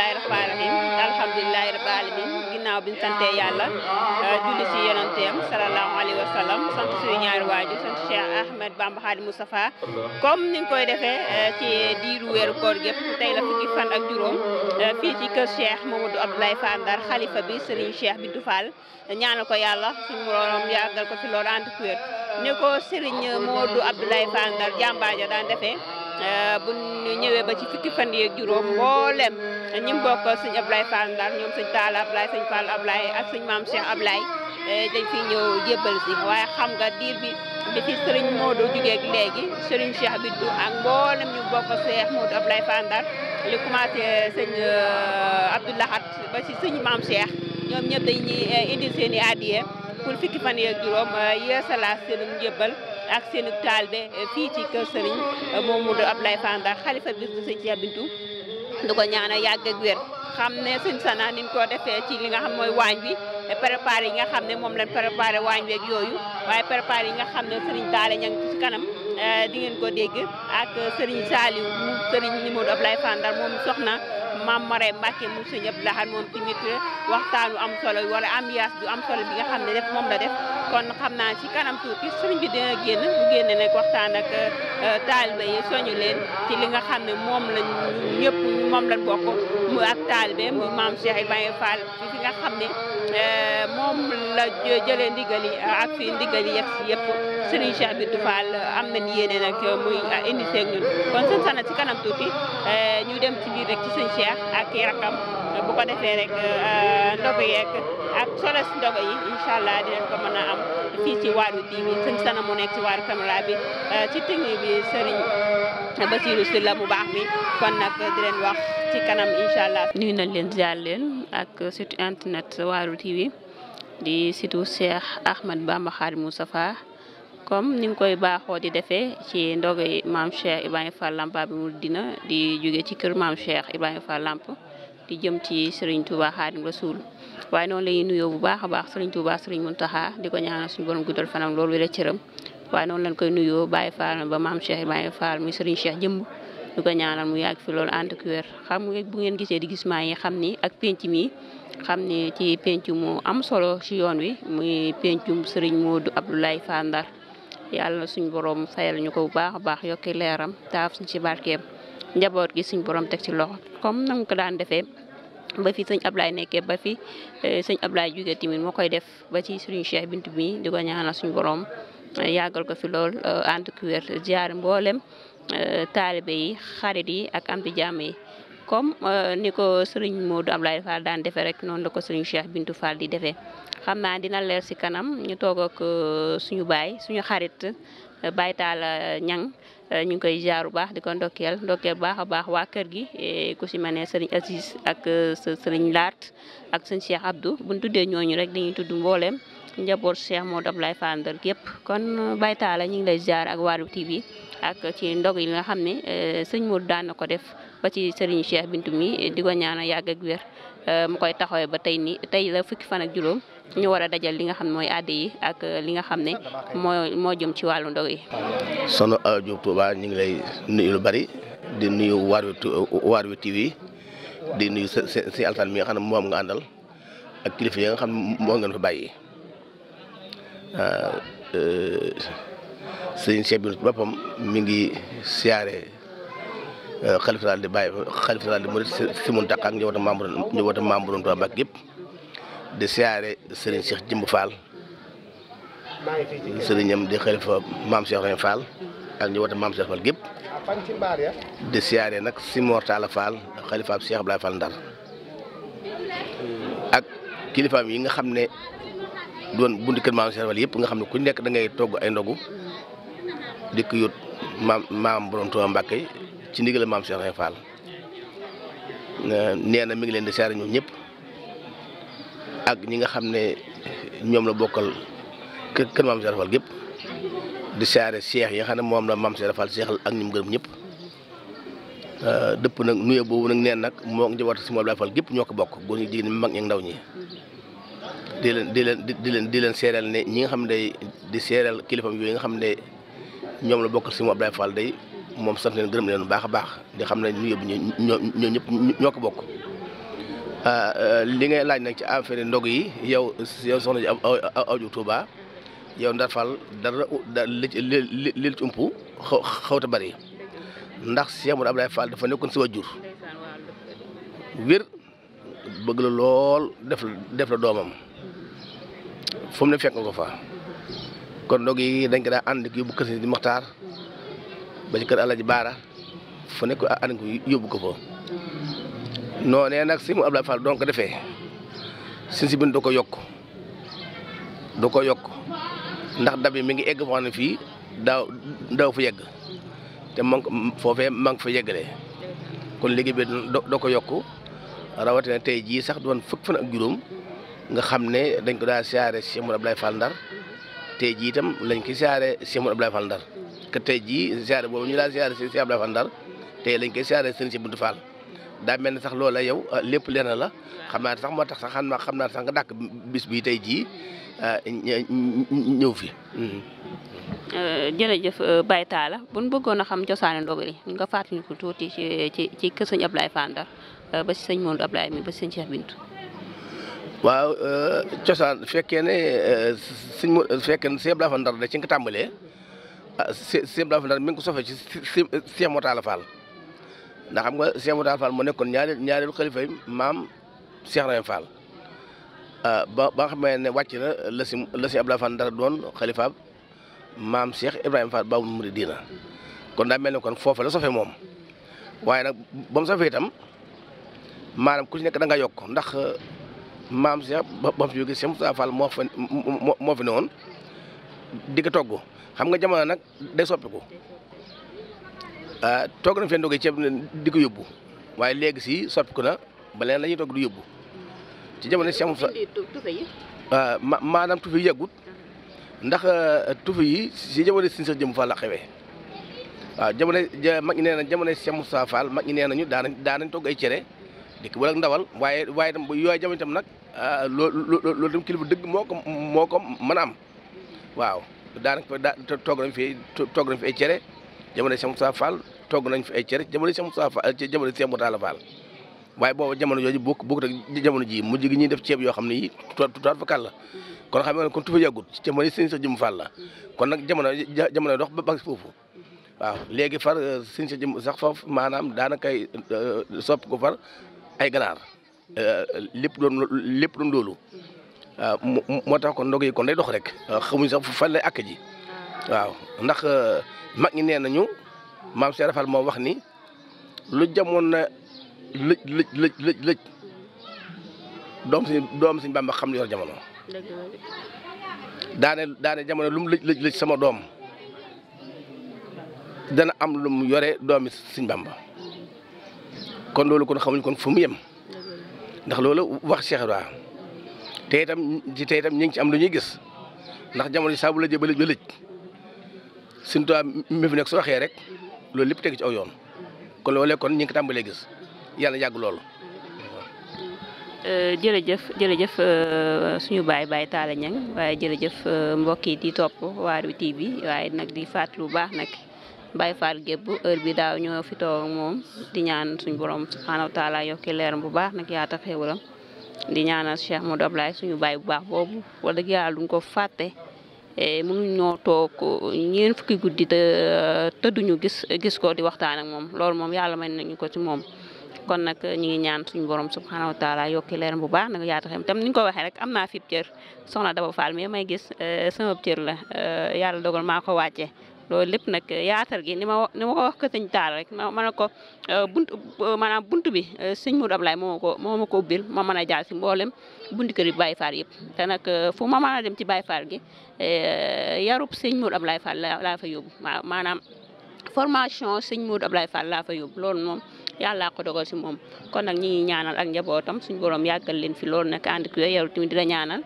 bisimilahi rahmaani rahim alhamdulilahi rabbil alamin ginnaaw bi yàlla euh, julli ci yonanteem salallaahu alayhi wa sant suñu ñaari waaju sant Cheikh Ahmed Bamba Khadi Moustapha comme ni koy defee euh, ci diiru weeru koor gépp tey la fukki fan ak juróom euh, fii ci kër Cheikh Mamadou Abdoulaye Fall Ndar xalifa bi Serigne Cheikh Bintou Fall ñaanal ko yàlla suñu moroom yàggal ko fi loolu ànd ku wér ni ko Serigne Mamadou Abdoulaye Fall Ndar jàmbaaja daan defee Euh, bu ñëwee ba ci fukki fan juróom mboolem ñi mu bokk sëñ Ablaye Fall Ndar ñoom sëñ Talla Ablaye sëñ Fall Ablaye ak sëñ maam Cheikh Ablaye euh, dañ fi ñëw jébbal si waaye xam nga diir bi bi fi sëriñ Modou jógeeg léegi sëriñ Cheikh Bidou ak mboolem ñu bokk Cheikh Modou Ablaye Fall Ndar li commencé euh, sëñ Abdou ba si sëñ maam Cheikh ñoom ñëpp dañuy indi seen i pour fukki fan yeeg juróom euh, yeesalaat seen njëbbal ak seen taalibe euh, fii ci kër sëriñ euh, Mamadou Abdoulaye Fall Ndar xalifa bi sëñ Cheikh Bintou du ko ñaanal yàgg ak wér xam ne sëñ Sana ni ko defee ci li nga xam mooy waañ bi préparé yi nga xam ne moom lañ préparé waañ weeg yooyu waaye préparé yi nga xam ne sëriñ Taale ña ngi ci kanam di ngeen ko dégg ak sëriñ Saliou sëriñ Mamadou Abdoulaye Fall Ndar moom soxna maam Maray Mbacke mu sëñ Abdou Lahad moom tamit waxtaan wu am solo wala ambiance bu am solo bi nga xam ne def moom la def kon xam naa ci kanam tuuti sëriñ bi dina génn bu génne nag waxtaan ak euh, taalibe yi soñu leen ci li nga xam ne moom lañ ñëpp moom lañ bokk mu ak taalibe mu maam Cheikh Ibrahima Fall fi nga xam ne Euh, moom la jële ndigal yi ak fi ndigal yi yegg si yëpp Serigne Cheikh Bintou Fall euh, am nañ yéene nag euh, muy indi seeg ñun kon sëñ ci kanam tuuti ñu dem ci biir rek ci sëñ Cheikh ak i bu ko defee rek ndogu yeeg ak soles ndogu yi incha allah dinañ ko mën a am fii ci Waarwi TV sëñ Sana mu nekk ci Waarwi caméra bi ci technique bi Serigne. Bassirou Sylla mu baax mi kon nag di leen wax ci kanam incha allah. nuyu nañ leen ziar leen ak site internet Waarwi TV di situ Cheikh Ahmad Bamba Khadimou Moustapha comme ni nga koy baaxoo di defee ci ndogoy maam Cheikh Ibrahima fa Lamp bi mu dina di jóge ci kër maam Cheikh ba Fall Lamp di jëm ci Serigne Touba Khadim Rasoul waaye noonu la ñuy nuyoo bu baax a baax Serigne Touba Serigne Mountakha di ko ñaanal suñu borom guddal fanam loolu wér a cëram. waaye noonu lañ koy nuyoo Baye Fall ba maam Cheikh Baye Fall muy Serigne Cheikh jëmb ñu ko ñaanal mu yàgg fi loolu ànd ak wér xam nga bu di gis maa yi xam ni ak penc mi xam ni ci penc mu am solo ci yoon wi muy pencum Serigne Modou Abdoulaye Fall Ndar yàlla suñ borom sayal ñu ko bu baax a baax yokki leeram taaf suñ ci barkeem njaboot gi suñ borom teg ci loxo comme nam ko daan defee ba fi sëñ Ablaye nekkee ba fi eh, sëñ Ablaye jógee tamit moo koy def ba ci Serigne Cheikh bint bi di ko ñaanal suñ borom. yàggal ko fi lool eh, ànd ku wér ziare mboolem eh, taalibe yi xarit yi ak am jàmm yi comme eh, ni ko sëriñ Modou Abdoulaye Fall daan defee rek noonu la ko sëriñ Cheikh Bintou Fall di defee xam naa dina leer si kanam ñu toog ak suñu baay suñu xarit Baye Talla Niang ñu ngi koy jaar bu baax di ko ndokkeel ndokkeel baax a baax waa kër gi ku si mel ne sëriñ Aziz ak sëriñ Laat ak sëriñ Cheikh Abdou buñ tuddee ñooñu rek dañuy tudd mbooleem njaboot Cheikh Modou Abdoulaye Fall Ndar gépp kon euh, Baye Talla ñu ngi lay ziar ak Waarwi TV ak ci ndog yi nga xam ne euh, sëñ Modou daan ko def ba ci Serigne Cheikh Bintou mi di ko ñaanal yàgg ak euh, mu koy taxawee ba tey nii tey la fukki fan juróom ñu war a dajal li nga xam ne mooy àddi yi ak li nga xam ne moo moo jëm ci wàllu ndog yi. sono Awa Diop Touba ñu ngi lay nuyu lu bari di nuyu Waarwi Waarwi TV di nuyu si si altaan mi xam ne moom nga àndal ak kilifa yi nga xam moo ngeen fa bàyyi. Euh, euh, sëñ Cheikh Bintou boppam mu ngi siyaare xalifa euh, daal di bàyyi xalifa daal di murit si Mountakha ak njabootam membre njabootam membre Touba Mbacké yëpp di siyaare sëriñ Cheikh Jimb Fall sëriñam di xalifa maam Cheikh ak njabootam maam Cheikh Fall gépp di siyaare nag si Mortala Fall xalifaab Cheikh Abdoulaye Fall Ndar ak kilifaam yi nga xam ne doon buntu kër maam Cheikh Fall yëpp nga xam ne ku nekk da ngay togg ay ndogu dikk yót maam maam borom Tuubaa Mbàkke ci ndigal maam Cheikh nee na mi ngi leen di seere ñoom ñëpp ak ñi nga xam ne ñoom la bokkal kër kër maam Cheikh Fall yëpp di seere seex yi xam ne moom la maam Cheikh Fall seexal ak ñi mu gërëm ñëpp euh, dëpp nag nuye boobu nag neen nag moo njaboot si moom laay fal gépp ñoo ko bokk góor jigéen ñi mag ñi ndaw ñi di leen di leen di leen di leen seeral ne ñi nga xam ne day di seeral kilifam yooyu nga xam ne ñoom la bokkal si mu Abdoulaye Fall day moom sant leen gërëm leen bu baax a baax di xam ne ñu yóbbu ñoo ñoo ñëpp ñoo ko bokk. Ah, ah, li ngay laaj nag ci affaire ndog yi yow yow soxna ji aw ju Touba yow Ndar Fall dara da li li li ci ëmp xaw xawta bari ndax Cheikh Mourou Abdoulaye Fall dafa nekkoon si wàjjur wér bëgg la lool def la def la doomam. fu mu ne fekk ko fa kon dog yi dañ ko daa ànd ko yóbbu kër si di Maxtaar ba ci kër Alaaji Baara fu nekk ànd ko yóbbu ko fa noonee nag si mu Abdoulaye Fall doon ko defee si si bin du ko yokk du ko yokk ndax dab yi mi ngi egg foo ne fii daaw fu yegg te man foofee maa ngi fa yeggalee kon liggéey bi doo ko yokk rawatina tey jii sax doon fukk fan ak juróom nga xam ne dañ ko daal siyaare Cheikh Mourou Abdoulaye Ndar tey jii itam lañ koy siyaare Cheikh Mourou Abdoulaye Ndar que tey jii siyaare boobu ñu daa siyaare Cheikh Abdoulaye lañ koy siyaare sëñ si Buntu Fall daa mel ne sax loola yow ah, lépp lenn la xam sax moo tax sax xam naa xam naa sax nga dàkk bis tey jii ah, ñëw fi. Mm-hmm. Euh, jërëjëf euh, Baye Talla bu bëggoon a xam cosaani ndogu yi nga tuuti ci ci ci kër sëñ Abdoulaye Fall Ndar euh, ba si sëñ Modou Abdoulaye waaw euh, cosaan fekkee ne euh, suñ mu fekkee ne Sëñ Abdou Ndar da ci nga tàmbalee ah Sëñ Abdou Ndar mi ngi sofee ci Sëñ Moutalla Fall ndax xam nga Sëñ Moutalla Fall mu nekkoon ñaari ñaareelu xalifa maam Cheikh ah, ba ba nga xamee ne wàcc na la si la Sëñ Abdou Ndar doon xalifaab maam Cheikh Ibrahima Fall Baabul Muridiina kon daa mel ne kon foofa la sofee moom waaye nag ba mu sofee itam maanaam ku ci nekk da nga yokk ndax. maam Cheikh ba ba mu fi jógee Cheikh Moustapha Fall moo fa moo fi ne woon di ko xam nga jamono nag day soppe ko ah, togg na fi leen doogee ceeb di ko yóbbu waaye léegi si soppiku na ba leneen la ñuy togg di yóbbu ci jamono Cheikh ah, ma maanaam tufi yàggut ndax ah, tufi si jamono si Cheikh Jëmm Fall la xewee waaw jamono mag ñi nee na jamono Cheikh Moustapha Fall mag ñi nee nañu daan nañ daan nañ togg ay cere dikk wala ak ndawal waaye waaye itam bu yooyu jamono nag. Ah, loo loolu tam kilifa dëgg moo kom moo ko mën a am waaw daanaka daa toog nañ fi toog nañ fi ay cere si Cheikh Moussa Fall toog nañ fi ay cere jamono Cheikh Moussa Fall jamono Cheikh Moutala Fall waaye booba jamono jooju bokk bokk rek jamono ji mujj gi ñuy def ceeb yoo xam ne yi tuutaat fa kàll la kon xam nga kon tu fa yàggut jamono sëñ sa jëm Fall la kon nag jamono jamono dox ba bag foofu waaw léegi far sëñ sa sax foofu maanaam daanakay eh, sopp ko far ay ganaar Euh, lépp doon lépp doon loolu waaw euh, moo tax kon ndog yi kon day dox rek euh, xamuñ sax fan lay àkk ji ah. waaw ndax mag ñi nee nañu maam Cheikh Rafal moo wax ni lu jamoon na lëj lëj lëj doom si doom xam li yor jamono daane daane jamono lum mu lëj lëj sama doom dana am lu mu yore doomi Sëñ Bàmba kon loolu kon xamuñ kon fu mu yem ndax loolu wax Cheikh Ibra te itam ci te itam ñu ci am lu ñuy gis ndax jamono saabu la jë ba lëj ba lëj suñu tubaab nekk su waxee rek loolu lépp teg ci aw yoon kon loolee kon ñu ngi ko tàmbalee gis yàlla yàgg loolu. Euh, jërëjëf jërëjëf euh, suñu baay baay Talla Niang waaye jërëjëf euh, mbokk yi di topp Waarwi TV waaye nag di fàttali lu baax nag. Baye Fall gépp heure bi daaw ñoo fi toog moom di ñaan suñ borom subhaanahu wa taala yokki bu baax nag yaa tax xéewalam di ñaanal Cheikh Modou Ablaye suñu baay bu baax boobu wala dëgg yàlla duñ ko fàtte e, mu ngi ñoo toog ñeen fukki guddi te tëdduñu gis gis ko di waxtaan ak moom loolu moom yàlla may nañu ko ci moom kon nag ñu ngi ñaan suñu borom subhaanahu wa taala yokki bu baax nag yaa tax tam ni ko waxee rek am naa fi cër soxna Daba Fall mais may gis e, sama cër la e, yàlla dogal maa ko loolu lépp nag yaatal gi ni ma ni wax ko sëñ taal rek ma ma ne ko euh, bunt euh, maanaam bunt bi euh, sëñ Mourou Ablaye moo ma ko moo ma ko ubbil ma mën a jaar si mboolem buntu kër yi Baye yëpp te nag fu ma mën dem ci Baye Fall gi yarub sëñ Mourou Ablaye Fall laa fa yóbbu maanaam formation sëñ Mourou Ablaye Fall laa fa yóbbu loolu moom yàlla ko dogal si moom kon nag ñi ñaanal ak njabootam suñu borom yàggal leen fi loolu nag ànd yooyu yaru tamit di la ñaanal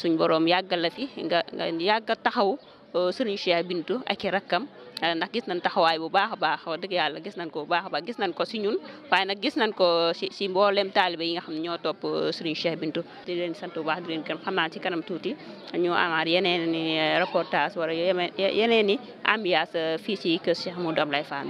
suñu boroom yàggal la fi nga nga yàgg taxaw Euh, sëriñ Cheikh Bintu ak i rakkam euh, ndax gis nañ taxawaay bu baax a baax wax dëgg yàlla gis nañ ko bu baax a baax gis nañ ko si ñun waaye nag gis nañ ko si si mboolem taalibe yi nga xam ñoo topp euh, sëriñ Cheikh Bintu di leen sant bu baax di leen gërëm xam naa ci kanam tuuti ñu amaat yeneen i reportage wala yeneen i ambiance fii ci kër Cheikh Modou Abdoulaye Fall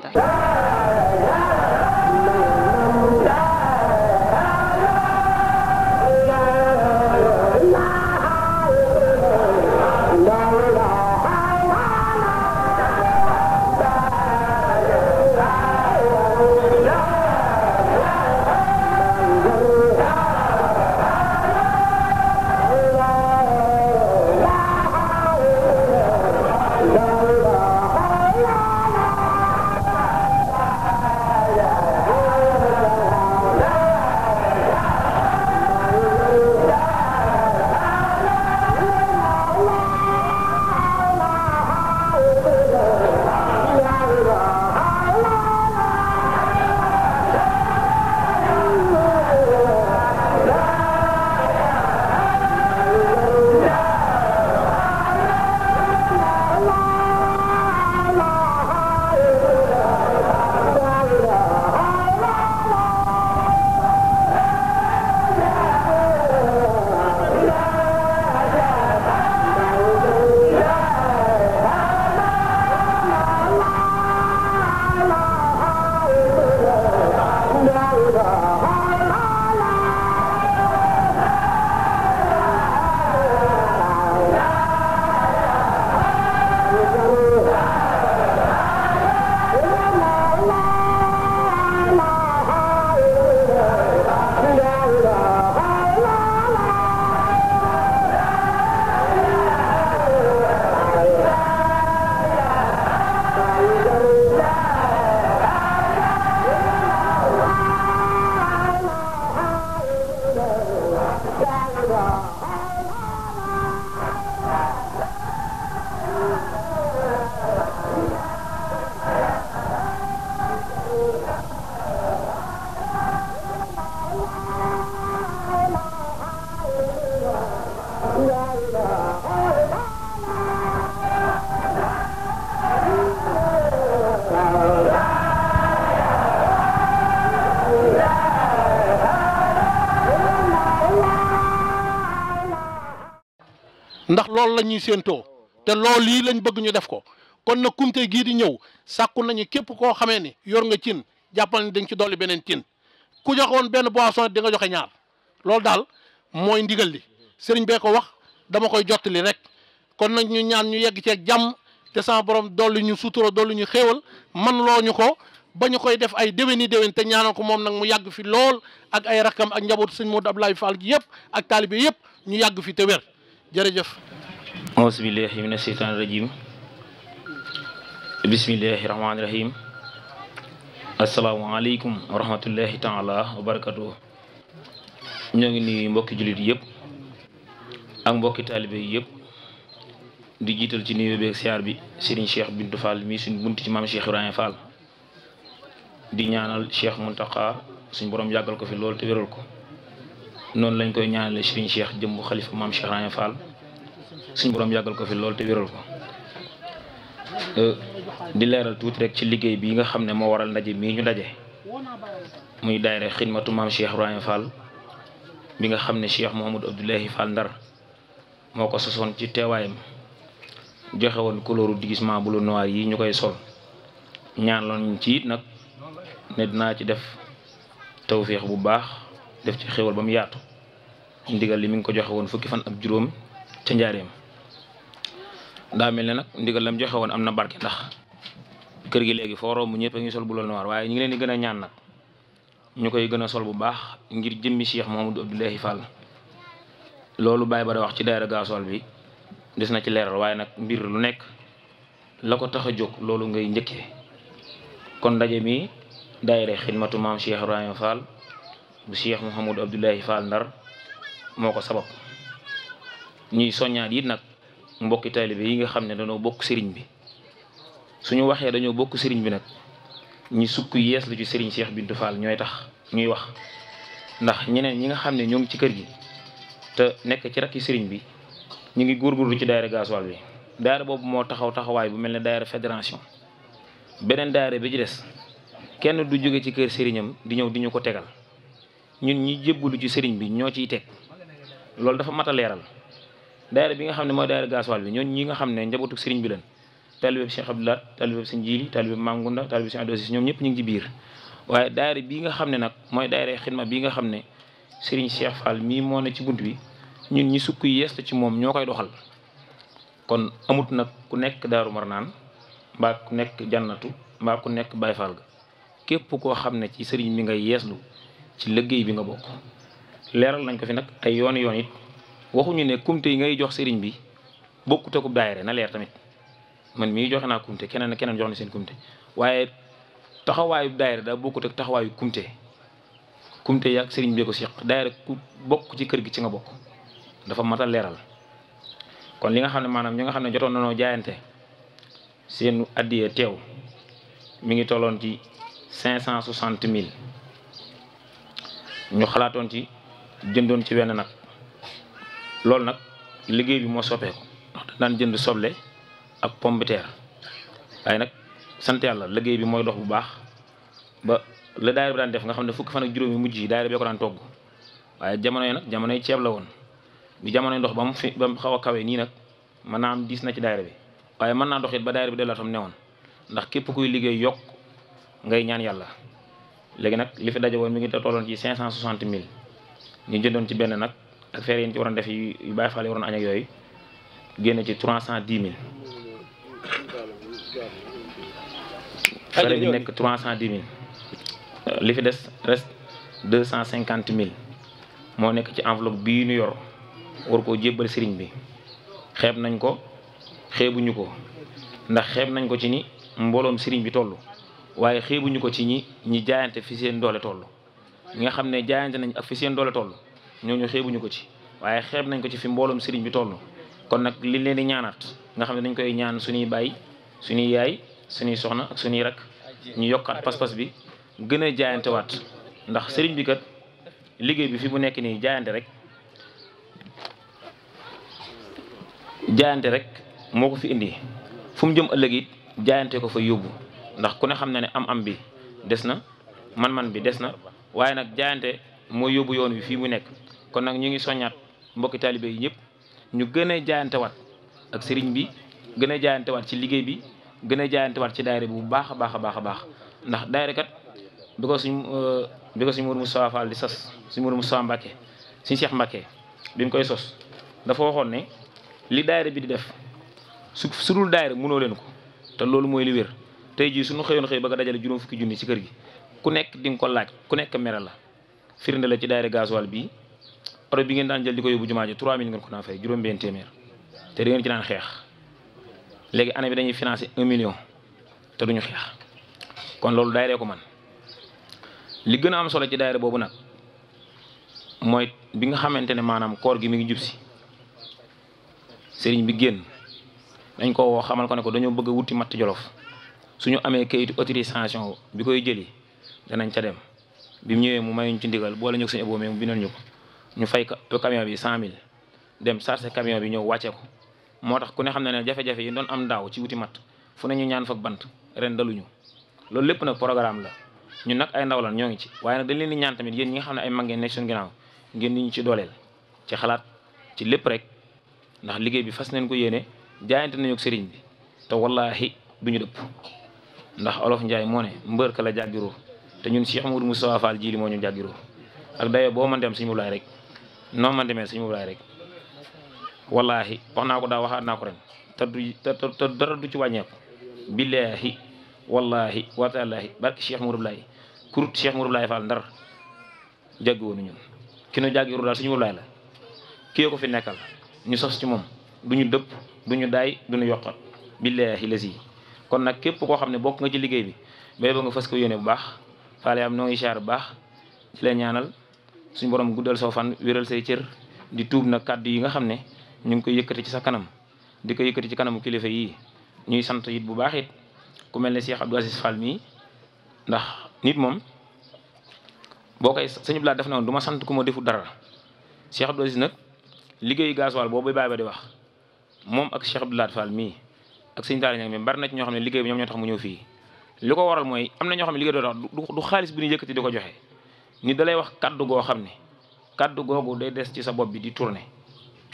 la ñuy séentoo te loolu yi lañ bëgg ñu def ko kon na kumte gii di ñëw sàkku nañu képp koo xamee ni yor nga cin jàppal ni dañ ci dolli beneen cin ku joxoon benn boisson di nga joxe ñaar loolu daal mooy ndigal li sëriñ bee ko wax dama koy jottali rek kon nag ñu ñaan ñu yegg ceeg jàmm te sama borom dolli ñu sutura dolli ñu xéewal man loo ñu ko ba ñu koy def ay déwéni déwén te ñaanal ko moom nag mu yàgg fi lool ak ay rakkam ak njabootu sëñ Modou Abdoulaye Fall gi yëpp ak taalibe yëpp ñu yàgg fi te jërëjëf auzu billahi mina sheytaani rajim bismillahi rahmaani rahim asalaamaaleykum wa rahmatullahi taala wa ñoo ngi nuyu mbokki jullit yëpp ak mbokki taalibe yëpp di jiital ci nuyu beeg siyaar bi Serigne Cheikh Bintou Fall mii suñ bunt ci maam Cheikh Ibrahima Fall di ñaanal Cheikh Mountakha suñ borom yàggal ko fi loolu te wéral ko noonu lañ koy ñaanale Serigne Cheikh jëmbu xalifa maam Cheikh Ibrahima Fall suñu boroom yàggal ko fi lool te wéral ko euh, di leeral tuuti rek ci liggéey bi nga xam ne moo waral ndaje mii ñu daje muy daayira xidmatu maam Cheikh Ibrahima Fall bi nga xam ne Cheikh Mouhamadou Abdoulahi Fall Ndar moo ko sosoon ci teewaayam joxe woon couleur du déguisement bleu noir yi ñu koy sol ñaan loon ci it nag ne dinaa ci def tawféex bu baax def ci xéwal ba mu yaatu ndigal li mi ngi ko joxe woon fukki fan ak juróom ca njaareem daa mel ne nag ndigal lam joxe woon am na barke ndax kër gi léegi foo romb ñëpp a ngi sol bu loolu noir waaye ñu ngi leen di a ñaan nag ñu koy gën a sol bu baax ngir jëmmi Cheikh Mamadou Abdoulahi Fall loolu Baye Bada wax ci daayira gasoil bi des na ci leeral waaye nag mbir lu nekk la ko tax a jóg loolu ngay njëkkee kon ndaje mi daayira xidmatu maam Cheikh Ibrahima Fall bu Cheikh Mouhamadou Abdoulahi Fall Ndar moo ko sabab ñuy soññaat yi nag mbokki taalibe yi nga xam ne dañoo bokk sëriñ bi suñu waxee dañoo bokk sëriñ bi nag ñi sukk yees lu ci sëriñ Cheikh Bintou Fall ñooy tax ñuy wax ndax ñeneen ñi nga xam ne ñoo ngi ci kër gi te nekk ci rakki sëriñ bi ñu ngi góorgóorlu ci daayira gasoil bi daayira boobu moo taxaw taxawaay bu mel ne daayira fédération beneen daayira bi ci des kenn du jóge ci kër sëriñam di ñëw di ñu ko tegal ñun ñi jébbalu ci sëriñ bi ñoo ciy teg loolu dafa mat a leeral daayira bi nga xam ne mooy daayira gaasuwaal bi ñooñu ñi nga xam ne njabootu sëriñ bi lañ taalibe Cheikh Abdoulaye taalibe Sëñ Jili taalibe Mangunda taalibe Sëñ Abdou Aziz ñoom ñëpp ñu ngi ci biir waaye daayira bi nga xam ne nag mooy daayira xidma bi nga xam ne sëriñ Cheikh Fall mii moo ne ci bunt bi ñu ñi sukk yi yees ci moom ñoo koy doxal kon amut nag ku nekk Daaru Marnaan mbaa ku nekk jannatu mbaa ku nekk Baay Faal ga képp koo xam ne ci sëriñ bi nga yeeslu ci liggéey bi nga bokk leeral nañ ko nag ay yoon yoon it waxuñu ne kumte yi ngay jox sëriñ bi bokkut ak daayira na leer tamit man mii joxe naa kumte keneen keneen jox na seen kumte waaye taxawaayu daayira daa bokkut ak taxawaayu kumte kumte yi ak sëriñ bi ko seq daayira ku bokk ci kër gi ci nga bokk dafa mat a leeral kon li nga xam ne maanaam ñi nga xam ne jotoon nañoo jaayante seen addiya teew mi ngi tolloon ci cinq cent soixante mille ñu xalaatoon ci jëndoon ci wenn nag lool nag liggéey bi moo soppeeku ndax daan jënd soble ak pombiteer waaye nag sant yàlla liggéey bi mooy dox bu baax ba la daayira bi daan def nga xam ne fukki fan juróom juróomi mujj yi daayira bee ko daan togg waaye jamono jamono yi la woon bi jamono ndox ba mu fi ba mu xaw a kawee nii nag mën naa am diis na ci daayira bi waaye mën naa dox ba daayira bi dellaatam newoon ndax képp kuy liggéey yokk ngay ñaan yàlla léegi nag li fi daje woon mi ngi tolloon ci cinq cent soixante mille ñu jëndoon ci benn nag affaire yi ñu ci waroon def yu bàyyi faale waroon añ ak yooyu génne ci trois cent dix mille frais bi nekk trois cent dix euh, li fi des reste deux cent cinquante mille moo nekk ci enveloppe bii nu yor war koo jébbal sëriñ bi xeeb nañ ko xeebuñu ko ndax xeeb nañ ko ci ni mbooloom sëriñ bi toll waaye xeebuñu ko ci ñi ñi jaayante fi seen doole toll ñi nga xam ne jaayante nañ ak fi seen doole toll ñooñu xeebuñu ko ci waaye xeeb nañ ko ci fi mbooloom sëriñ bi toll kon nag li leen di ñaanaat nga xam ne dañ koy ñaan suñuy baay suñuy yaay suñuy soxna ak suñuy rak ñu yokkaat pas-pas bi gën a waat ndax sëriñ bi kat liggéey bi fi mu nekk nii jaayante rek jaayante rek moo ko fi indi fu jëm ëllëg it jaayante ko fa yóbbu ndax ku ne xam na ne am-am bi des na man-man bi des na waaye nag jaayante moo yóbbu yoon wi fii mu nekk kon nag ñu ngi soññaat mbokki taalibe yi yëpp ñu gën a jaayantewaat ak sëriñ bi gën a jaayantewaat ci liggéey bi gën a jaayantewaat ci daayira bi bu baax a baax a baax a baax ndax daayira kat bi ko suñ euh, suñ Mourou Moustapha Fall di sas suñ Mourou Moustapha Mbacké suñ Cheikh koy sos dafa waxoon ne li daayira bi di def su su dul daayira mënoo leen ko te loolu mooy li wér tey jii suñu xëyoon xëy ba nga dajale juróom fukki junni ci kër gi ku nekk di nga ko laaj ku nekk mere la firnde la ci daayira gasoil bii oto bi ngeen daan jël di ko yóbbu jumaa ji 3000 ngeen ko daan fay juróom-benn téeméer te da ngeen xeex léegi année bi dañuy financé million te duñu xeex kon loolu daayira ko man li gën a am solo ci daayira boobu nag mooy bi nga xamante ne maanaam koor gi mi ngi jub si sëriñ bi génn dañ ko woo xamal ko ne ko dañoo bëgg a wuti matt jolof suñu amee kayitu autorisation bi koy jëli danañ ca dem bi mu ñëwee mu mayuñ ci ndigal boole ñu ko suñu ëppoo mu bindal ñu ko. ñu fay camion bi cent mille dem chargé camion bi ñëw wàcce ko moo tax ku ne xam ne ne jafe-jafe yi doon am daaw ci wuti mat fu ne ñu ñaan fa bant ren ñu loolu lépp nag programme la ñun nag ay ndaw lan ñoo ngi ci waaye nag dañ leen di ñaan tamit yéen ngi xam ne ay mag ngeen nekk suñu ginnaaw ngeen di ñu ci dooleel ci xalaat ci lépp rek ndax liggéey bi fas neen ko yéene jaayante nañu ak sëriñ bi te wallaahi duñu dëpp ndax olof Njaay moo ne mbër ka la jàggiroo te ñun Cheikh Modou Moustapha Fall ji li moo ñu jàggiroo ak dayo boo mën dem suñu mulaay rek noo man demee suñu wulaay rek wallaahi wax naa ko daaw waxaat naa ko ren te du te dara du ci wàññeeku billaahi wallaahi wataalaahi barke Cheikh Mourou Blay kurut Cheikh Mourou Blay Fall ndar jàggi woonu ñun ki nu jàggi daal suñu wulaay la kii ko fi nekkal ñu sos ci moom du ñu dëpp du ñu daay du ñu yokkat billaahi la si kon nag képp koo xam ne bokk nga ci liggéey bi bay ba nga fas ko yéene bu baax faale am noo ngi xaar bu baax ci ñaanal suñ borom guddal soo fan wéral say cër di tuub na kàddu yi nga xam ne ñu ngi koy yëkkati ci sa kanam di ko yëkkati ci kanamu kilifa yii ñuy sant it bu baax it ku mel ne Cheikh Abdou Aziz Fall mii ndax nit moom boo koy sëñ Blaat def na du ma sant ku ma defu dara Cheikh Abdou Aziz nag liggéeyu gasoil boobu baay ba di wax moom ak Cheikh Abdou Lahat Fall mii ak sëñ Talla Niang mi bari ci ñoo xam ne liggéey bi ñoom ñoo tax mu ñëw fii li ko waral mooy am na ñoo xam ne liggéey doo tax du xaalis bu ñuy yëkkati di ko joxe ni dalay wax kàddu goo xam ne goo googu day des ci sa bopp bi di tourner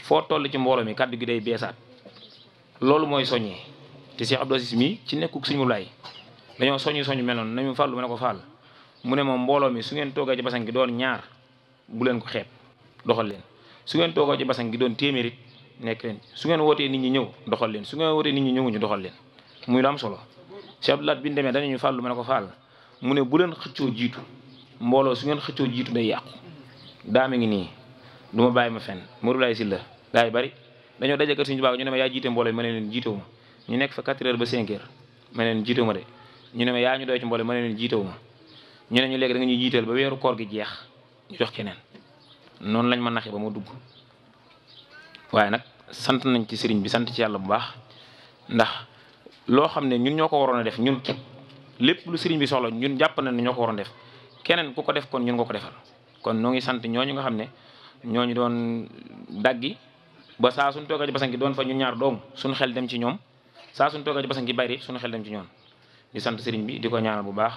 foo toll ci mbooloo mi kàddu gi day beesaat loolu mooy soññee te Cheikh Abdou Aziz mi ci nekkuk suñu laay dañoo soñu soñu mel nañu fàllu ma ne ko fàll mu ne moom mbooloo mi su ngeen toogee ci basan gi doon ñaar bu leen ko xeeb doxal leen su ngeen toogoo ci basan gi doon téeméerit nekk su ngeen wootee nit ñi ñëw doxal leen su ngeen wootee nit ñi ñëwuñu doxal leen muy am solo Cheikh Abdoulaye bi ñu demee danañu fàllu ma ne ko fàll mu ne bu leen xëccoo jiitu mbooloo su ngeen xëccoo jiitu day yàqu daama ngi nii du ma bàyyi ma fenn Modou Laye Sylla gars yi bari dañoo daje kër suñu baax ñu ne ma yaa jiite mbooloo ma ne neen jiitewu ñu nekk fa 4 heures ba 5 heures ma ne ma de ñu ne ma yaa ñu doy ci mbooloo ma ne leen ñu ne ñu léegi da ñuy jiital ba weeru koor gi jeex ñu jox keneen noonu lañ ma naxe ba ma dugg waaye nag sant nañ ci sëriñ bi sant ci yàlla bu baax ndax loo xam ne ñun ñoo ko waroon a def ñun lépp lu sëriñ bi soxla ñun jàpp nañ ne ñoo ko waroon a def keneen ku ko def kon ñun nga ko defal kon noo ngi sant ñooñu nga xam ne ñooñu doon daggi ba saa suñ toogee ci ki doon fa ñu ñaar doom suñu xel dem ci ñoom saa suñ toogee ci basangi bari suñu xel dem ci ñoon di sant sëriñ bi di ko ñaanal bu baax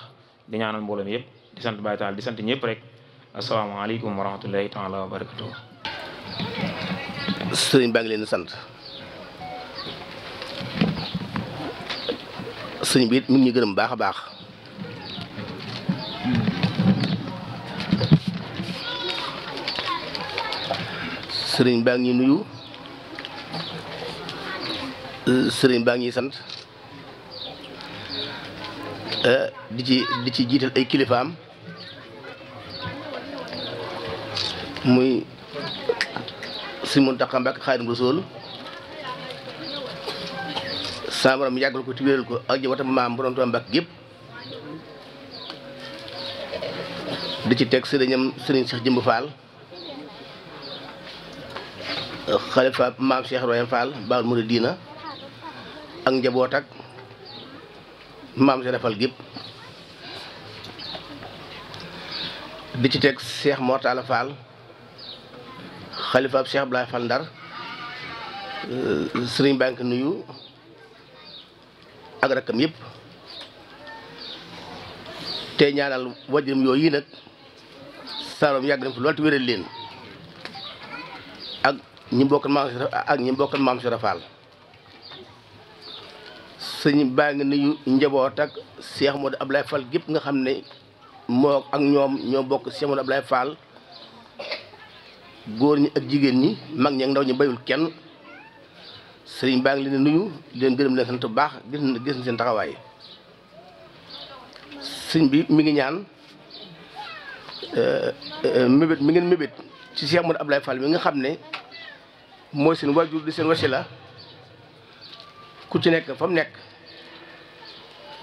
di ñaanal mbooloo yëpp di sant Baye Tall di sant ñëpp rek asalaamaaleykum wa rahmatullahi taala wa barakatuh sëriñ baa ngi leen sant sëriñ bi mu ngi ñu gërëm baax a baax sëriñ baa ngi nuyu sëriñ baa ngi sant eh, di ci di ci jiital ay kilifaam muy si Muntaxa Mbàkke Xaadimu Rasuul saa borom yàggal ko ci wéral ko ak jëwatam maam borom Tuubaa Mbàkke gépp di ci teg sëriñam sëriñ Cheikh Jëmb Fall xalifa maam Cheikh Ibrahima Fall Baol Mouridina ak njaboot ak maam Cheikh Fall gépp di ci teg Cheikh Mortala Fall xalifaab Cheikh Abdoulaye Fall Ndar sëriñ nuyu ak rakkam yëpp te ñaanal wajjum yooyu nag saaroom yàgg na fi lool te wéral leen ñi bokkal maam ak ñi bokkal maam Cheikh Fall sëñ baa ngi nuyu njaboot ak Cheikh Modou Ablaye Fall gépp nga xam ne moo ak ñoom ñoo bokk Cheikh Modou Ablaye Fall góor ñi ak jigéen ñi mag ñi ak ndaw ñi bayul kenn sëñ baa ngi leen nuyu leen gërëm leen sant bu baax gis na gis na seen taxawaay sëñ bi mi ngi ñaan euh, euh, mébét mi ngeen mébét ci Cheikh Modou Ablaye Fall mi nga xam ne mooy seen waajur di seen la ku ci nekk fa mu nekk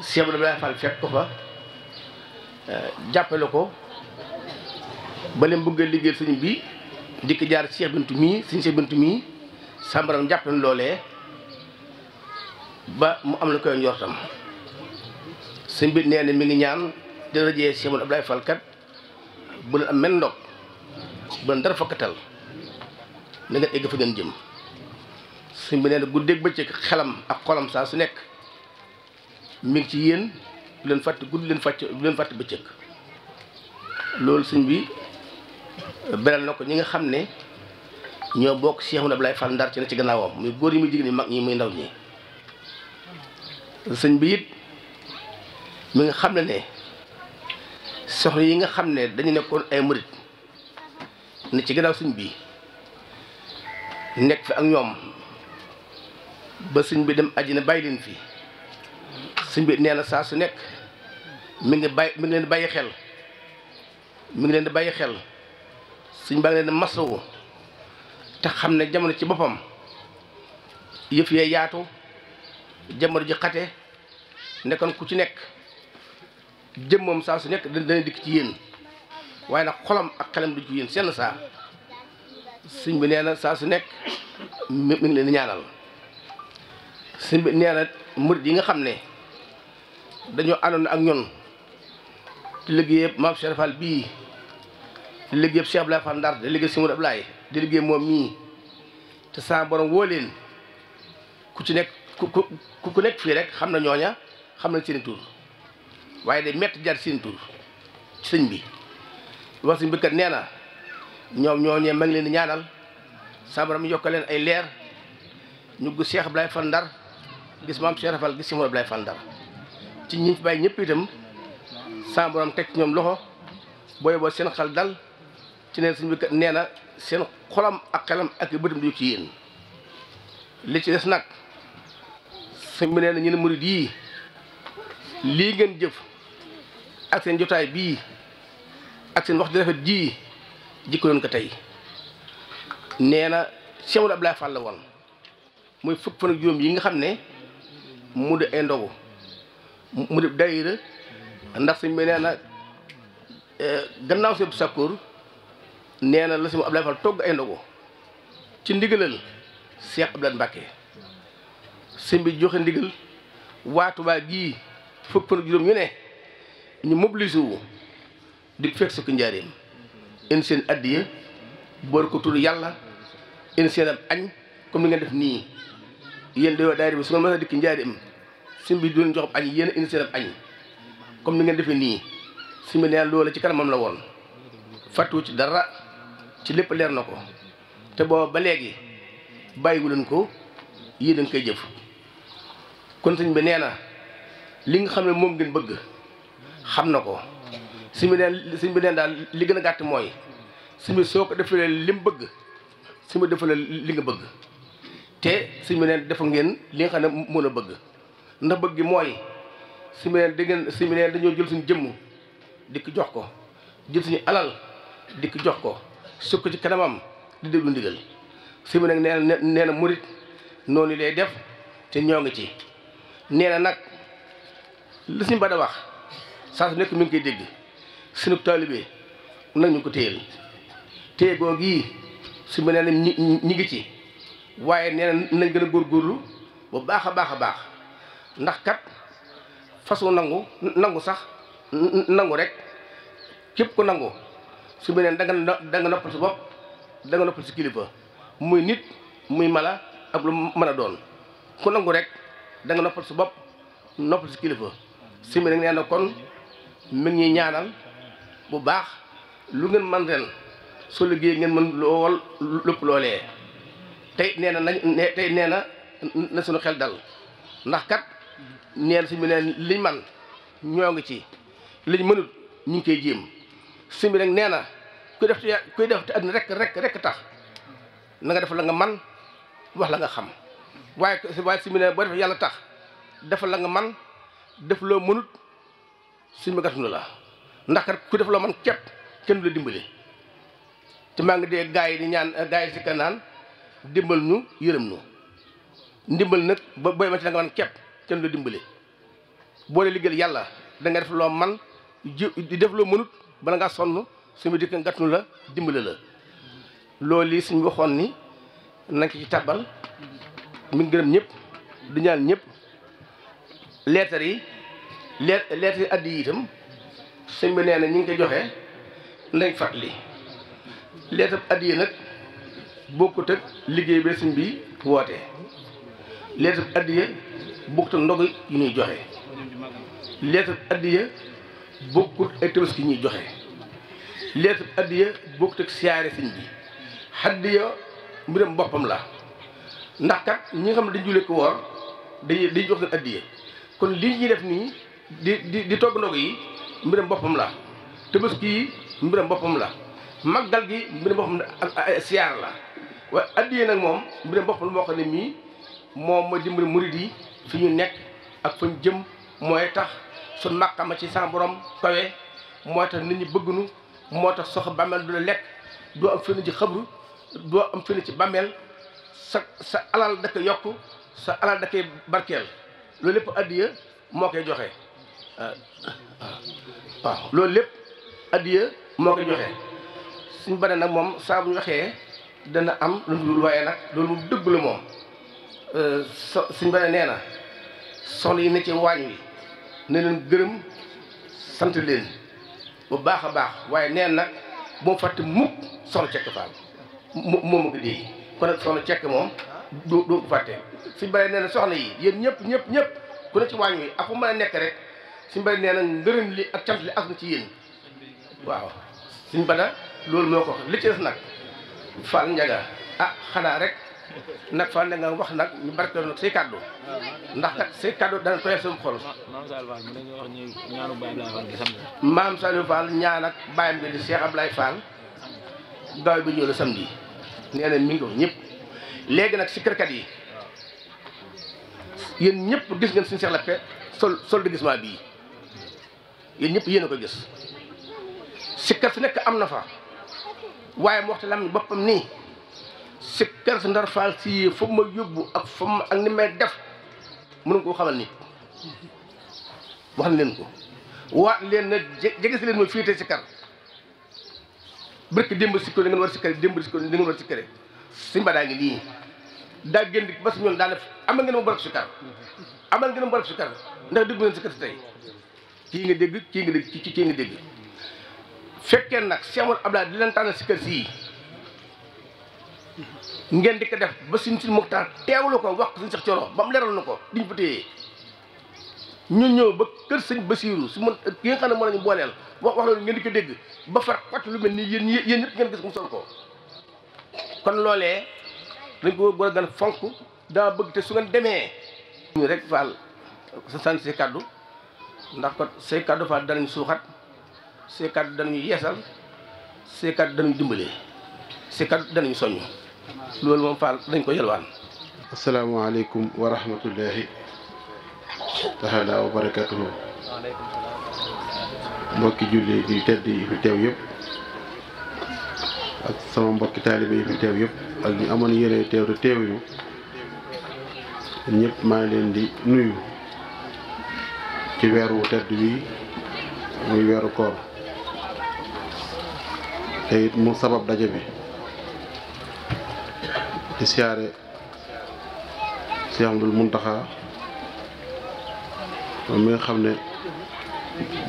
Cheikh Ibrahima Fall fekk ko fa eh, jàppale ko ba leen bëgg a liggéeyal bi dikk jaar Cheikh Bintu mii sëñ Cheikh Bintu mii sàmbaram jàpp na ba mu am la koy njortam sëñ bi nee na mi ngi ñaan di rajee Cheikh Ibrahima Fall kat bu leen am mel ndog bu leen dara fakkatal nanga ngeen egg ngeen jëm suñ bi nee na guddeeg bëccëg xelam ak xolam saa su nekk mi ngi ci yéen du leen fàtte gudd leen fàtte du leen bëccëg loolu suñ bi beneen na ko ñi nga xam ne ñoo bokk Cheikh Abdoulaye Fall Ndar ci na ci gannaawam muy góor yi muy jigéen ñi mag ñi muy ndaw ñi sëñ bi it mi ngi xam ne ne soxla yi nga xam ne dañu nekkoon ay murit ne ci gannaaw sëñ bi nekk fi ak ñoom ba sëñ bi dem àjjana bàyyi leen fi sëñ bi nee na saa su nekk mi ngi bàyyi mi ngi leen di bàyyi xel mi ngi leen di xel sëñ baa ngi leen di masawu te xam ne jamono ci boppam yëf yee yaatu jamono ji xate nekkoon ku ci nekk jëm moom saa su nekk dañuy dikk ci yéen waaye nag xolam ak xelam du ci yéen seen saa. sëñ bi nee na saa su nekk mi ngi leen sëñ bi nee na yi nga xam ne dañoo àndoon ak ñoon di liggéeyam maam Cheikh Fall bii di liggéeyam Cheikh Abdoulaye Ndar di liggéey Sëñ Abdoulaye di liggéey moom mii te saa borom woo leen ku ci nekk ku ku ku nekk fii rek xam na ñooña xam na seen tur waaye day metti jar seen tur sëñ bi wax sëñ bi kat nee na. ñoom ñoo ñee mag leen di ñaanal sabaram yokk leen ay leer ñu gis Cheikh Abdoulaye Fall Ndar gis maam Cheikh Rafal gis si Abdoulaye Fall Ndar ci ñi fi bàyyi ñëpp itam sa borom teg ci ñoom loxo booy boo seen xel dal ci neen suñ bi nee na seen xolam ak xelam ak yu bëtam di ci yéen li ci des nag suñ bi nee na ñu ne murid yii lii ngeen jëf ak seen jotaay bii ak seen wax di rafet jii jikkaloon ko tey nee na Cheikh Modou Abdoulaye Fall woon muy fukk fan juróom yi nga xam ne mu di ay ndogu mu di dayira ndax suñ bi nee na eh, gannaaw si sakkoor nee na la Cheikh Modou Abdoulaye Fall togg ay ndogu ci ndigalal Cheikh Abdoulaye Mbacké sëñ bi joxe ndigal waa Tuubaa gii fukk fan juróom ñu ne ñu mobiliser wu di fekk sukk njaareem in seen addiya boole ko tudd yàlla in seen ab añ comme ni ngeen def nii yéen dayoo daayira bi su ma mën a dikk njaari am sim du leen jox ab añ yéen in seen ab añ comme ni ngeen defee nii sim bi nee loola ci kanamam la woon fàttuwu ci dara ci lépp leer na ko te booba ba léegi bàyyiwu leen ko yii dañ koy jëf kon sëñ bi nee na li nga xam ne moom ngeen bëgg xam na ko suñ bi neen suñ bi neen daal li gën a gàtt mooy suñ bi soo ko defalee li mu bëgg suñ bi defalee li nga bëgg te suñ bi neen dafa ngeen li nga xam ne mën a bëgg ndax bëgg gi mooy suñ bi neen dañoo jël suñu jëmm dikk jox ko jël suñu alal dikk jox ko sukk ci kanamam di déglu ndigal suñ bi nag nee nee na murit noonu lay def te ñoo ngi ci nee na nag li suñu ba da wax saa su nekk mi ngi koy dégg sunub taalibe nañu ko téyel téye googu su ma nee ñi ngi ci waaye nee nañ gën a góorgóorlu bu baax a baax a baax ndax kat façon nangu nangu sax nangu rek képp ko nangu su ma nee da nga da nga noppal sa muy nit muy mala ak lu mën a doon ku nangu rek da nga noppal sa bopp noppal sa kilifa su ma nee kon mi ngi ñuy ñaanal. bu baax lu ngeen man ren soo liggéey ngeen mën lool lépp loolee tey nee na nañ tey nee na suñu xel dal ndax kat nee na suñ liñ man ñoo ngi ci liñ mënut ñu ngi koy jéem suñ bi nag nee na kuy def kuy def te àddina rek rek rek tax nanga def la nga man wax la nga xam waaye waaye suñ bi neen boo def yàlla tax dafa la nga man def loo mënut suñ bi la ndax kat ku def loo man képp kenn du la dimbale te maa ngi dee gaa yi di ñaan eh, gaa yi si ka naan dimbal nu yërëm nu ndimbal nag ba booy ma ci da nga man képp kenn du la dimbale boo dee liggéeyal yàlla danga def loo man di def loo mënut bala ngaa sonn suñu dikk ngatnu la dimbale la loolu yi suñu waxoon ni nañ ko ci tàbbal mi ngi gërëm ñëpp di ñaan ñëpp leetar yi leet leetar yi addi yi itam sëñ bi nee na ñu ngi ko joxe nañ fàttali leetab addiya nag bokkut ak liggéey ba sëñ bi wootee leetab addiya bokkut ak ndog yu ñuy joxe leetab addiya bokkut ñuy joxe leetab addiya bokkut ak siyaare sëñ bi xaddiya mbiram boppam la ndax kat ñi xam ne dañ julee ko woor dañuy dañuy jox seen addiya kon lii ñuy def nii di di togg ndog yi mbiram boppam la tabaski yi mbiram boppam la màggal gi mbiram boppam ak siyaar la waaye addiye nag moom mbiram boppam moo xam ne mii moom mooy dimbali murid yi fi ñu nekk ak fa jëm mooy tax su màqama ci sama borom kawe moo tax nit ñi bëggnu moo tax sox bàmmeel du la lekk doo am fenn ci xabru doo am fenn ci bàmmeel sa sa alal da koy yokk sa alal da koy barkeel loolu lépp addiya moo koy joxe waaw loolu lépp addiya moo ko joxe suñ bane nag moom saa bu ñu waxee dana am lu waaye nag loolu mu la moom so suñ bane nee na soxla yi ne ci waañ wi ne leen gërëm sant leen bu baax a baax waaye neen nag boo fàtte mukk soxna cekk faal moom a ko déey kon nag soxna cekk moom doo doo ko fàtte suñ bane nee na soxna yi yéen ñëpp ñëpp ñëpp ku ne ci waañ wi ak fu mën a nekk rek suñ bay nee na ngërëm li ak cant li ak na ci yéen waaw suñ bada loolu moo ko wax li ci des nag Fall Ndiaga ah xanaa rek nag Fall nga wax nag ñu barkeel nag say kàddu ndax kat say kàddu dana tooyal sama xol. maam Saliou Fall mën nga wax ñu ñaanu Baye Ablaye Fall di samedi. bi di Cheikh gaaw bi ñëw la samedi nee na mi ngi ñëpp nag si kërkat yi yéen ñëpp gis ngeen suñu Cheikh Lappé sol sol de gisement bii. yéen ñëpp yéen a ko gis sikkar su nekk am na fa waaye mu waxte lam boppam nii sikkar su Ndar Fall si fa ma yóbbu ak fa ma ak ni may def mënu ko xamal nit wax na leen ko waat leen na jege si leen ma fii te sikkar bërk démb sikkar da ngeen war sikkar si mbadaa ngi lii daa gën ba si ñoon daa def amal ngeen ma barab sikkar amal ngeen ma barab sikkar ndax dégg ngeen sikkar si tey kii nga dégg kii nga dégg ci kii nga dégg fekkee nag Seexul Abdoulaye di leen tànn si kër sii ngeen di ko def ba suñ si Muxtaar teewlu ko wax suñ sax coro ba mu leeral na ko di fa ñu ñëw ba kër sëñ Basiiru su mën ki xam ne moo lañu booleel wax wax ngeen di ko dégg ba lu mel nii yéen yéen ñëpp ngeen gis mu sol ko kon loolee dañ ko war a fonk daa bëgg te su ngeen demee rek Fall sa si kàddu ndax ko say kàddu fa danañ suuxat say kàddu danañu yeesal say kàddu danañu dimbale say danañu soññ loolu moom faal dañ ko yelwaan asalaamaaleykum wa rahmatullahi taala wa barakatuhu mbokki julli di tedd yi fi teew yëpp ak sama mbokki taalibe yi fi teew yëpp ak ñu amoon yére teew te teewuñu ñëpp maa ngi leen di nuyu ci weeru tedd wi muy weeru koor te mu sabab daje bi di siyaare Cheikh Amadou Muntaxa moom mi nga xam ne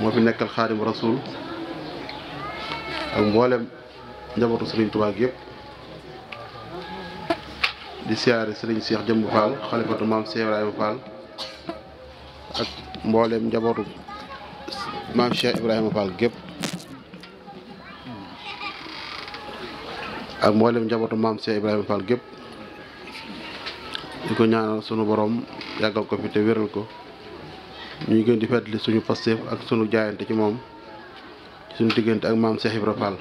moo fi nekkal xaadim rasul ak mboolem njabootu Serigne Touba yépp di siyaare Serigne seex Jëmb Fall xalifatu maam Cheikh Ibrahima Fall ak mbooleem njabootu maam Cheikh Ibrahima Fall gépp ak mbooleem njabootu maam Cheikh gépp di ko ñaanal sunu boroom yàggal ko fi te wéral ko ngi gën di fàttali suñu pasteef ak sunu jaayante ci moom suñu diggante ak maam Cheikh Ibrahima Fall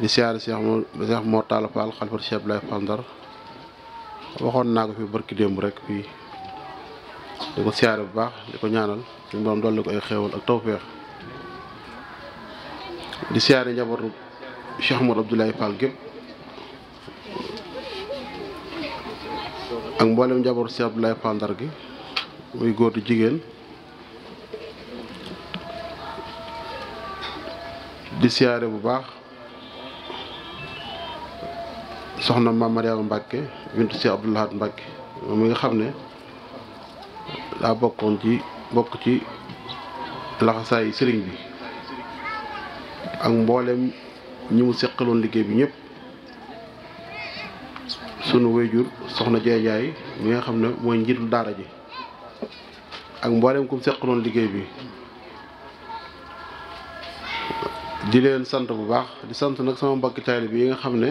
di siyaare Cheikh Mor Cheikh Mor Talla Fall xalifatu Cheikh Ndar waxoon naa ko fi barki démb rekk fii. di ko siyaare bu baax di ko ñaanal suñu borom dolli ko ay xéewal ak tawféex di siyaare njabootu Cheikh Modou Abdoulaye Fall gépp ak mboolem njabootu Cheikh Abdoulaye Fall Ndar gi muy góor di jigéen di siyaare bu baax soxna maam Mariama Mbacke bintu Cheikh Abdoulahat Mbacke moom xam ne laa bokkoon ci bokk ci laxasaayu sëriñ bi ak mbooleem ñi mu seqaloon liggéey bi ñëpp sunu wéyjur soxna jeejaay mi nga xam ne mooy njiitul daara ji ak mboolem ku mu seqaloon liggéey bi di leen sant bu baax di sant nag sama mbokki bi yi nga xam ne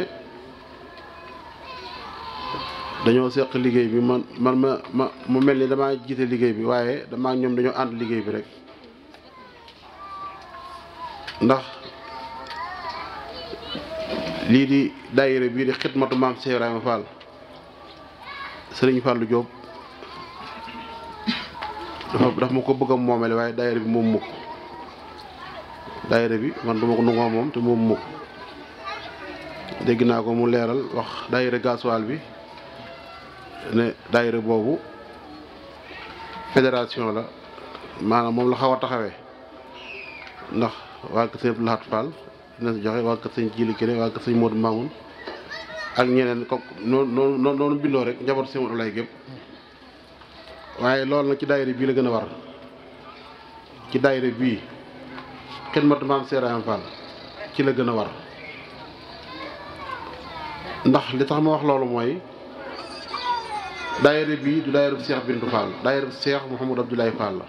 dañoo seq liggéey bi man ma ma mu mel ni damaa jiite liggéey bi waaye damaa ñoom dañoo ànd liggéey bi rek ndax lii di daayira bii di xidmatu maam Cheikh Ibrahima Fall sëriñ dafa dafa ma ko bëgg a moomale waaye daayira bi moom mukk daayira bi man duma ko nungoo moom te moom mukk dégg naa ko mu leeral wax daayira gaasuwaal bi ne daayira boobu fédération la maanaam moom la xaw a taxawee ndax waa kër sëñ Lahat Fall dina si joxe waa kër sëñ Jili Kéré ak ñeneen ko noonu noonu bindoo rek njaboot si Modou lay gépp waaye loolu nag ci daayira bii la gën a war ci daayira bii kenn matu maam Seeraayam Fall ci la gën a war ndax li tax ma wax loolu mooy daayira bii du daayira bu Cheikh Bintu Fall daayira bu Cheikh Mouhamadou Abdoulaye Fall la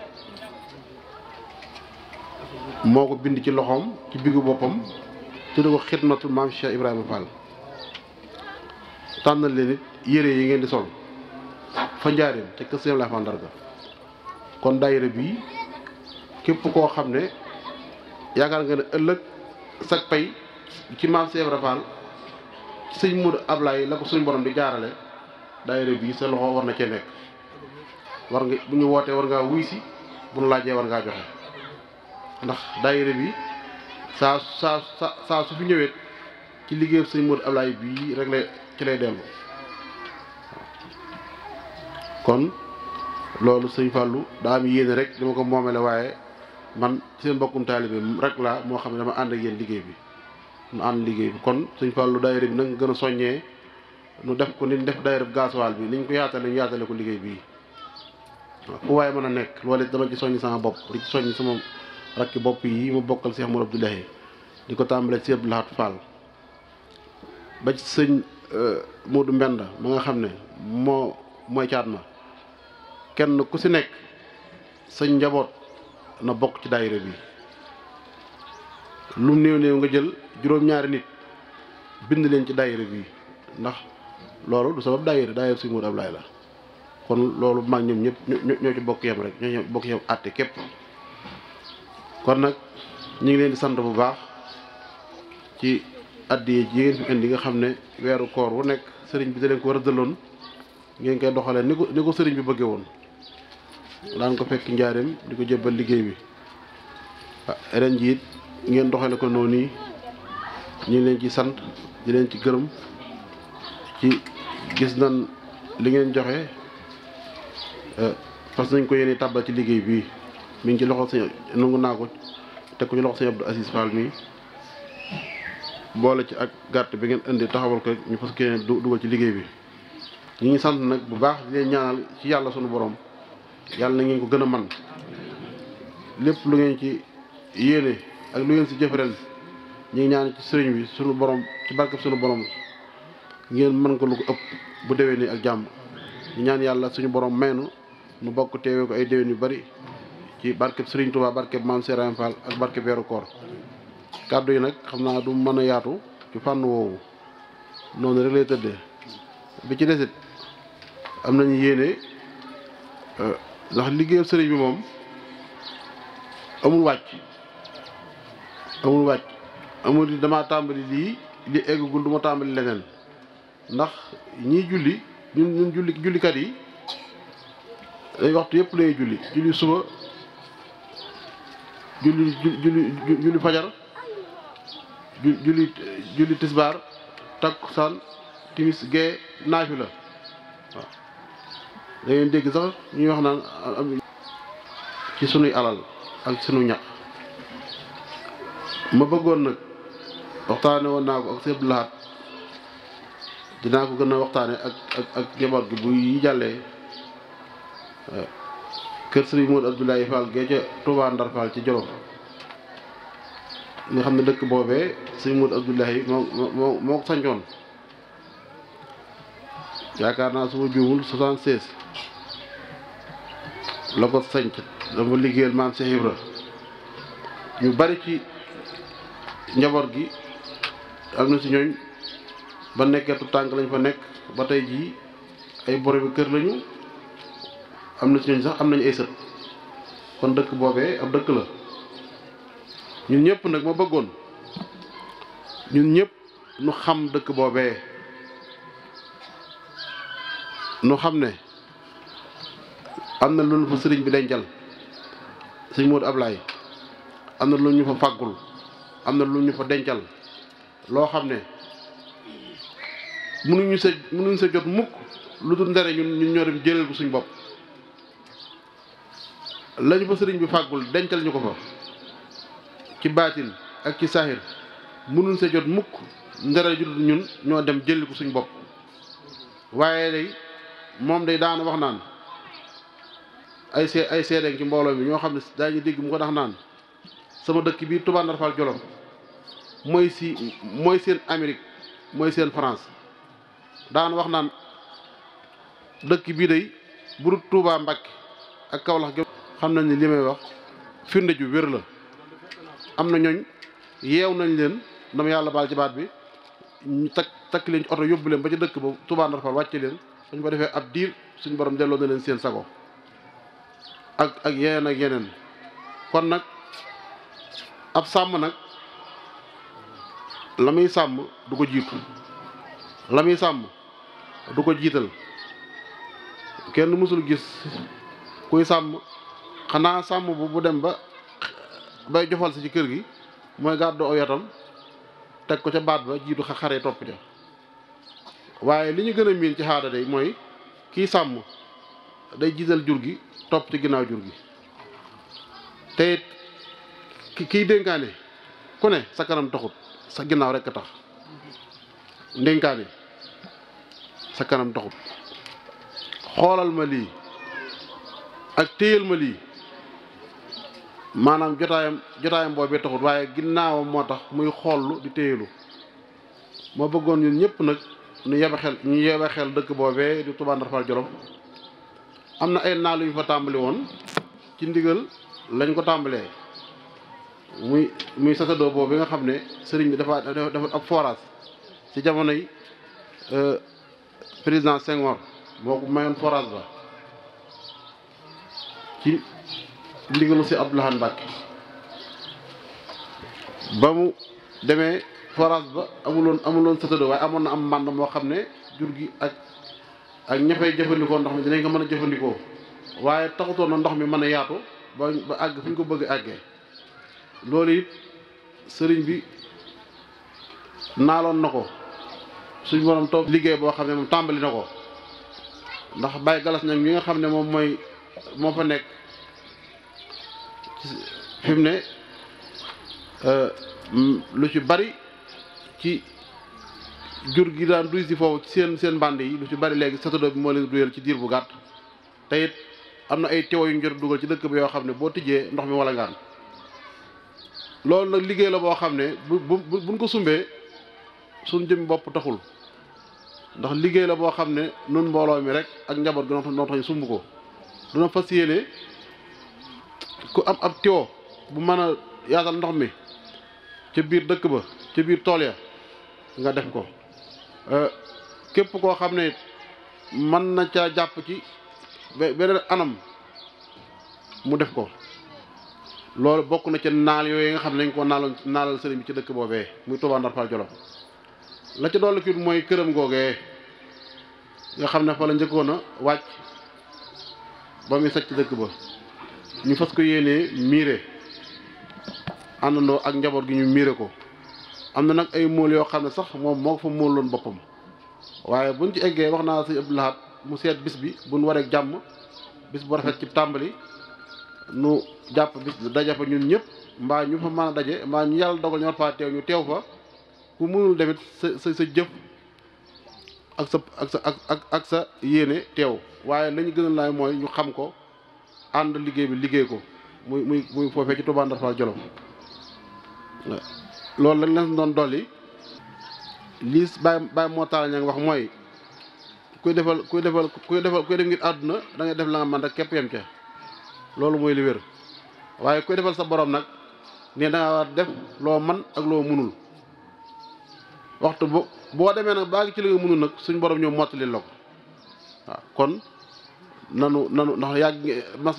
moo ko bind ci loxoom ci biggu boppam tudde ko xidmatul maam Cheikh Ibrahima Fall tànnal leen yére yi ngeen di sol fa njaareen te kër seen laa fa ndarga kon daayira bii képp koo xam ne yaakaar nga ne ëllëg sag pay ci maam Cheikh Ibrahima Fall sëñ Mourou Ablaye la ko suñ borom di jaarale daayira bii sa loxo war na cee nekk war nga bu ñu wootee war ngaa wuy si bu ñu laajee war ngaa joxe ndax daayira bi saa saa saa su fi ñëwee ci liggéeyam sëñ Modou Ablaye bii rek lay ci lay dellu kon loolu sëñ Fallou daa am yéene rek dama ko moomele waaye man seen mbokkum taalibe rek laa moo xam ne dama ànd ak yéen liggéey bi mu ànd liggéey bi kon sëñ Fallou daayira bi nag gën a soññee nu def ko ni def daayira gasoil bi ni ñu ko yaatale ñu yaatale ko liggéey bii waaw waaye mën a nekk loolu dama ci soññ sama bopp di ci soññ sama rakki bopp yi ma bokkal Cheikh Mor Abdoulaye di ko tàmbale ci Abdou Lahad Fall ba ci sëñ euh, Modou Mbenda ma nga xam ne moo mooy caat ma kenn ku ci nekk sëñ njaboot na bokk ci daayira bi lu néew néew nga jël juróom-ñaari nit bind leen ci daayira bi ndax loolu du sabab daayira daayira suñu Moodu lay la kon loolu maag ñoom ñëpp ñoo ci bokk yem rek ñoo bokk yem àtte képp kon nag ñu ngi leen di sant bu baax ci addiye ji ngeen nga xam ne weeru koor bu nekk sëriñ bi da leen ko rëddaloon ngeen koy doxalee ni ko ni ko sëriñ bi bëggee woon daan ko fekk njaareem di ko jébbal liggéey bi ah, ren ji ngeen doxale ko noonu nii ñu ngi leen ci sant di leen ci gërëm ci gis nan li ngeen joxe euh, fas nañ ko yéene tàbbal ci liggéey bii mu ngi ci loxo sëñ nangu naa ko teg ko ci loxo sëñ Abdou Aziz Fall mi boole ci ak gàtt bi ngeen indi taxawal ko ñu fas kee dugal ci liggéey bi ñu ngi sant nag bu baax di leen ñaanal ci yàlla sunu borom yàlla na ngeen ko gën a man lépp lu ngeen ci yéene ak lu ngeen si jëf ñu ngi ñaan ci sëriñ bi sunu borom ci barkab sunu borom ngeen mën ko lu ko ëpp bu dewee déwénee ak jàmm ñu ñaan yàlla suñu borom maynu nu bokk teewee ko ay déwén yu bari ci barkeb Serigne Touba barkeb Maam Serigne Fall ak barkeb weeru koor kàddu yi nag xam naa du mën yaatu ci fànn woowu noonu rek lay tëddee bi ci desit am nañu yéene euh, ndax liggéeyal sëriñ bi moom amul wàcc amul wàcc amul dama tàmbali lii li eggagul du ma tàmbali leneen ndax ñi julli ñun ñun julli jullikat yi ay waxtu yëpp lay julli julli suba julli julli julli fajar julli julli tisbaar takkusaan timis gee naafi la waaw da dégg sax ñuy wax naan ci sunuy alal ak sunu ñaq ma bëggoon nag waxtaane woon naa ko ak sëñ Abdou dinaa ko gën a waxtaane ak ak gi bu jàllee kër sëriñ Modou Abdoulaye Fall gee ca Touba Ndar Fall ci Jolof nga xam ne dëkk boobee sëriñ Modou Abdoulaye moo moo moo ko sancoon yaakaar naa su ma juumul 76 la ko sanc dama liggéeyal maam Cheikh Ibra ñu bari ci njaboot gi am na si ñooñ ba nekkee tu tànk lañu fa nekk ba tey jii ay boromi kër lañu am na ci ñooñu sax am nañu ay sët kon dëkk boobee ab dëkk la ñun ñëpp nag ma bëggoon ñun ñépp nu xam dëkk boobee nu xam ne am na lu ñu fa sëriñ bi dencal sëñ Modou Ablaye am na lu ñu fa fàggul am na lu ñu fa dencal loo xam ne mënuñu sa mënuñu sa jot mukk lu dul ndare ñun ñun ñoo dem jëlal ko suñ bopp lañu ba sëriñ bi fàggul dencal ñu ko fa ci baatin ak ci saaxir mënuñ sa jot mukk ndara ju dul ñun ñoo dem jëli ko suñ bopp waaye day moom day daana wax naan ay see ay seedeng ci mbooloo mi ñoo xam ne daañu dégg mu ko tax naan sama dëkk bii Touba Ndar Fall Jolof mooy si mooy seen Amérique mooy seen France daan wax naan dëkk bii day bu dul Tuubaa Mbàkke ak Kawlax gi xam nañ ne li may wax firnde ju wér la am na ñooñ yeew nañ leen dama yàlla baal ci baat bi ñu takk takk leen ci oto yóbbu leen ba ci dëkk ba Tuubaa Ndar Fall wàcce leen suñ ko defee ab diir suñ borom delloo na leen seen sago ak ak yeneen ak yeneen kon nag ab sàmm nag la muy sàmm du ko jiitu la muy sàmm du ko jiital kenn mësul gis kuy sàmm xanaa sàmm bu bu dem ba bay jofal si ci kër gi mooy gàddu aw teg ko ca baat ba jiitu xare topp ja waaye li ñu gën a miin ci xaada day mooy kii sàmm day jiital jur gi topp ci ginnaaw jur gi te it kiy dénkaane ku ne sa kanam taxut sa ginnaaw rekk tax ndénkaane sa kanam taxut xoolal ma lii ak téyal ma lii maanaam jotaayam jotaayam boobee taxut waaye ginnaawam moo tax muy xoollu di téyalu moo bëggoon ñun ñëpp nag nu yebe xel ñu yebe xel dëkk boobee di Touba Ndar Fall Jolof am na ay naalu yu fa tàmbali woon ci ndigal lañ ko tàmbalee muy muy sasadoo boobu bi nga xam ne sëriñ bi dafa dafa ab forage ci yi président Senghor moo ko mayoon forage ba ci ndigalu si Abdou Lahad Mbacké ba mu demee forage ba amuloon amuloon satado waaye amoon na am mànd moo xam ne jur gi ak ak ña jëfandikoo ndox mi dinañ ko mën a jëfandikoo waaye taxutoon na ndox mi mën a yaatu ba àgg fu ñu ko bëgg àggee loolu it sëriñ bi naaloon na ko suñ borom toog liggéey boo xam ne moom tàmbali na ko ndax Baye Galas nag mi nga xam ne moom mooy moo fa nekk fi mu ne euh, lu ci bari ci jur gi daan duy si foofu ci seen seen bande yi lu ci bari léegi satado bi moo leen duyal ci diir bu gàtt te am na ay teewa yu ñu dugal ci dëkk bi yoo xam ne boo tijjee ndox mi wala ngaan loolu nag liggéey la boo xam ne bu bu buñ ko sumbee suñ jëm bopp taxul ndax liggéey la boo xam ne nun mbooloo mi rek ak njaboot gi noo tax ñu sumb ko duna fas yéene ku am ab tiwo bu mën a yaatal ndox mi ca biir dëkk ba ci biir tool ya nga def ko euh, képp koo xam ne mën na caa jàpp ci beneen anam mu def ko loolu bokk na ca naal yooyu nga xam ne dañ ko naaloon naalal sëriñ bi ci dëkk boobee muy Tuubaa Ndar Fall Jolof la ca dolli kit mooy këram googee nga xam ne fa la njëkkoon a wàcc ba muy sacc dëkk ba ñu fas ko yéene miire àndandoo ak njaboot gi ñu miire ko am na nag ay mool yoo xam ne sax moom moo ko fa móoloon boppam waaye buñ ci eggee wax naa si Abdou Lahad mu seet bis bi buñ waree jàmm bis bu rafet ci tàmbali nu jàpp bis daje fa ñun ñëpp mbaa ñu fa mën daje mbaa ñu yàlla dogal ñu war faa teew ñu teew fa ku mënul tamit sa sa sa jëf ak sa ak sa ak ak sa yéene teew waaye lañu gën a mooy ñu xam ko ànd liggéey bi liggéey ko muy muy muy foofee ci Touba Ndar Fall loolu lañ leen doon dolli lii Baye Baye moo taal ña wax mooy kuy defal kuy defal kuy defal kuy def ngir àdduna dangay ngay def la nga man rek képp yem ca loolu mooy li wér waaye kuy defal sa borom nag ne da nga def loo man ak loo munul waxtu bu boo demee nag baa ngi ci li nga mënul nag suñ borom ñëw mottali la ko waaw kon nanu nanu ndax yàgg mas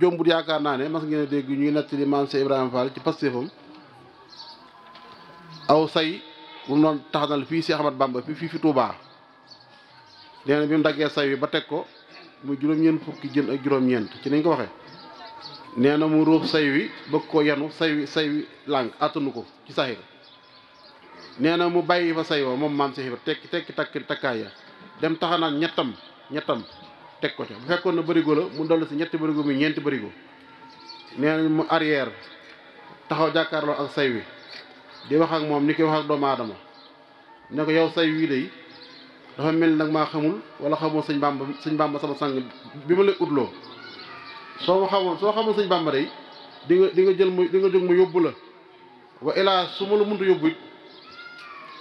jombut yaakaar naa ne mas ngeen dégg ñuy nettali maam Cheikh Ibrahima Fall ci pastéefam aw say bu mu doon taxanal fii si Ahmad Bamba fii fi Touba nee na bi mu daggee say wi ba teg ko mu juróom-ñeent fukki jën ak juróom-ñeent ci nañ ko waxe nee na mu ruux say wi bëgg koo yenu say wi say wi lànk attanu ko ci saxir nee na mu bàyyi fa say wa moom maam Cheikh Ibra tekki tekki takki takkaay ya dem taxanaat ñettam ñettam teg ko ca bu fekkoon na bërigo la mu dolli si ñetti bërigo muy ñeenti bërigo nee na mu arrière taxaw jàkkaarloo ak say wi di wax ak moom ni koy wax ak doomu aadama ne ko yow say wii de dafa mel nag maa xamul wala xamoo sëñ bàmba sëñ bàmba sama sang bi ma lay utloo soo ma xamoon soo xamoon sëñ bàmba day di nga di nga jël ma di nga jóg ma yóbbu la wa ilaa su ma la mënta yóbbu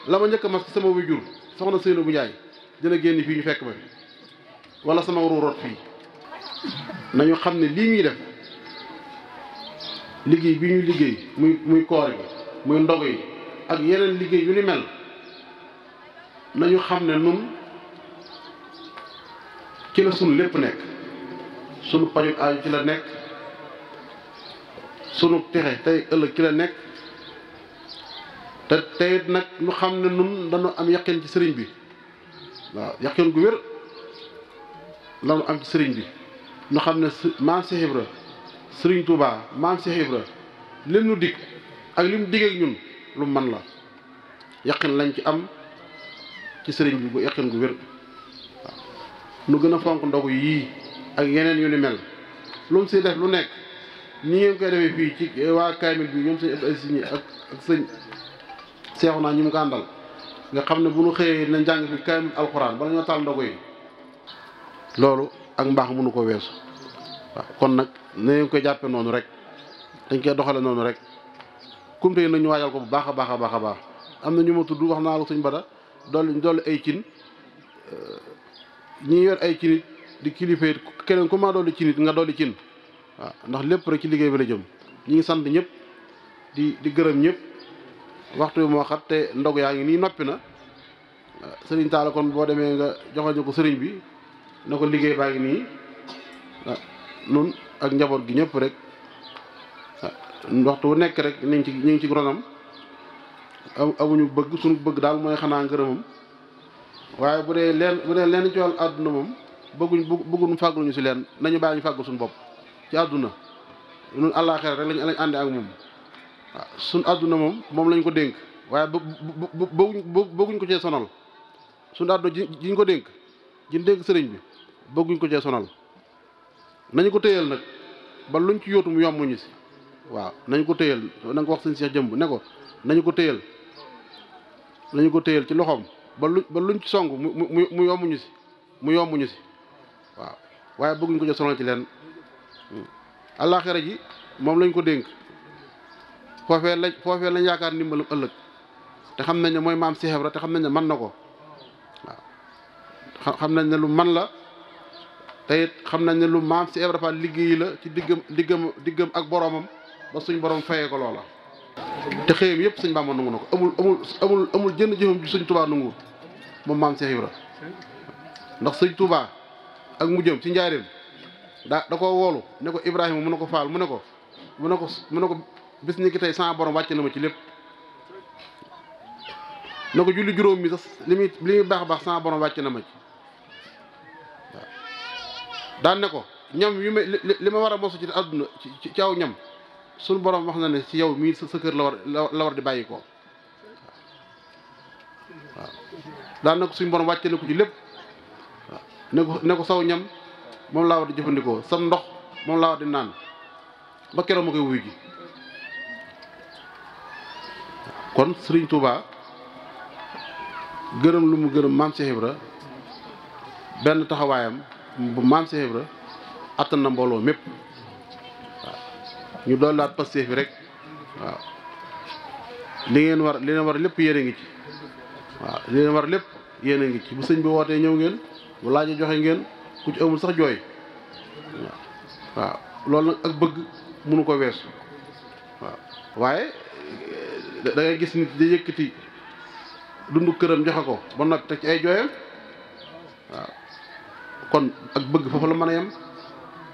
la ma njëkk a mas ci sama wujur soxna Seynou bu Njaay dina génn fii ñu fekk ma fi wala sama ru root fii nañu xam ne lii ñuy def liggéey bi ñuy liggéey muy muy koor yi muy ndog yi ak yeneen liggéey yu ni mel nañu xam ne nun ci la sunu lépp nekk sunu paju aaju ci la nekk sunu texe tey ëllëg ci la nekk te tey nag ñu xam ne nun dañu am yaqin ci sëriñ bi waaw yaqin gu wér lañu am ci sëriñ bi ñu xam ne maam Cheikh Ibra sëriñ Touba maam Cheikh Ibra lim nu dig ak lim dig ak ñun lu man la yaqin lañ ci am ci sëriñ bi bu yaqin gu wér waaw nu gën a fonk ndogu yii ak yeneen yu ni mel lu si def lu nekk ñi ngeen koy defee fii ci waa kaamil bi ñoom sëñ Abdou Aziz ak sëñ seexu naa ñi mu ko àndal nga xam ne bu ñu xëyee nañ jàng fi kaamil alxuraan bala ñoo taal ndogo yi loolu ak mbaax mënu ko weesu waaw kon nag na ngeen koy jàppe noonu rek dañ koy doxale noonu rek kumte yi nañu waajal ko bu baax a baax a baax a baax am na ñu ma tudd wax naa la suñ bada dolli dool ay cin ñi yor ay cinit di kilifa it keneen ku ma dolli cinit nga dolli cin waa ndax lépp rek ci liggéey bi la jëm ñi ngi sant ñëpp di di gërëm ñëpp waxtu bi moo xat te ndog yaa ngi nii noppi na sëriñ Talla boo demee nga joxal ñu ko sëriñ bi na ko liggéey baa ngi nii nun ak njaboot gi ñëpp rek waxtu wu nekk rek ñu ci ñu ngi ci ronam amuñu bëgg suñu bëgg daal mooy xanaa ngërëmam waaye bu dee leen bu dee leen ci àdduna moom bëgguñ bëgguñ fàgguñu si leen nañu bàyyi ñu fàggul suñu bopp ci àdduna ñun àllaaxira rek lañ lañ àndee ak moom waaw suñ àdduna moom moom lañ ko dénk waaye ba bëgguñ ko cee sonal suñ àdduna jiñ ko dénk jiñ dénk sëriñ bi bëgguñ ko cee sonal nañ ko téyal nag ba luñ ci yóotu mu yomb si waaw nañ ko téyal na nga ko wax sëñ ne ko nañu ko téyal nañu ko téyal ci loxoom ba lu ba luñ ci song mu mu mu yomb si mu yombuñu si waaw waaye bëgguñ ko cee sonal ci leen hmm. àllaaxira ji moom lañ ko dénk foofee lañ foofee lañ yaakaar ndimbalam ëllëg te xam nañ ne mooy maam Cheikh Ibra te xam nañ ne mën na ko waaw xam nañ ne lu man la te xam nañ ne lu maam Cheikh Ibra Fall liggéey la ci diggam diggam ak boromam ba suñ borom fayee ko loola. te xëyam yëpp suñ Bàmba nangu na ko amul amul amul amul jënd jëfam ji suñ Tuubaa nangu moom maam Cheikh Ibra ndax suñ Tuubaa ak mu jëm ci njaareem daa da koo woolu ne ko Ibrahima mu ne ko Fall mu ne ko mu ne ko. bis ni ki tey sama borom wàcc na ma ci lépp na ko julli juróom mi sax li muy baax a baax sama borom wàcc na ma ci daan ne ko ñam yu ma li ma war a mosu ci àdduna ci ci aw ñam suñu borom wax na ne ci yow mii sa kër la war di bàyyi ko waaw daan ne ko suñ borom wàcce na ko ci lépp ne ko ne ko saw ñam moom laa war di jëfandikoo sam ndox moom laa war di naan ba keroog ma koy wuy ji kon Serigne Touba gërëm lu mu gërëm maam Cheikh Ibra benn taxawaayam bu maam Cheikh attan na mbooloo mépp ñu doon laat Pastef bi rek waaw li ngeen war li leen war lépp yéen a ngi ci waaw li leen war lépp yéen a ngi ci bu sëñ bi wootee ñëw ngeen bu laajee joxe ngeen ku ci amul sax jooy waaw loolu nag ak bëgg mënu ko weesu waaw waaye dangay gis nit di yëkkati dundu këram joxe ko ba noppi teg ci ay jooyam waaw kon ak bëgg foofu la mën a yem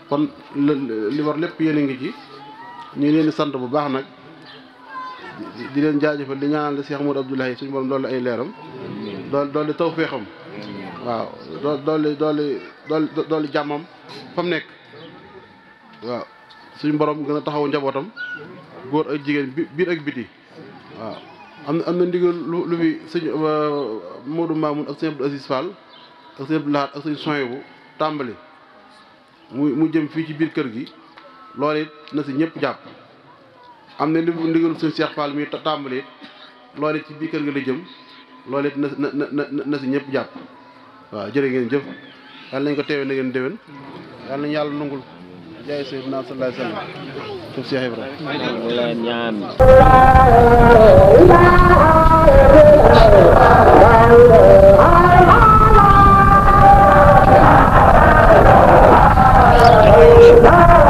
kon li war lépp yéen a ngi ci ñu leen di sant bu baax nag di leen jaajëfal di ñaanal la Cheikh Modou Abdoulaye suñu borom doole ay leeram dool doole taw feexam waaw doole doole doole doole jàmmam fa mu nekk waaw suñu borom gën a taxaw njabootam góor ak jigéen biir ak biti waaw am na am na ndigal lu lu muy sëñ Modou Mamoun ak sëñ Abdou ak sëñ Abdou ak sëñ Soyebu tàmbali mu mu jëm fii ci biir kër gi loolu na si ñëpp jàpp am na ndigal sëñ Cheikh Fall mi tàmbali it loolu it ci biir kër gi la jëm loolu it na na na na si ñëpp jàpp waaw jërë ngeen jëf yàlla nañ ko teewee na ngeen déwén yàlla nañ yàlla nungul jaay Seydina sallallahu alayhi wa sallam Touba Cheikh Ibrahima Bye.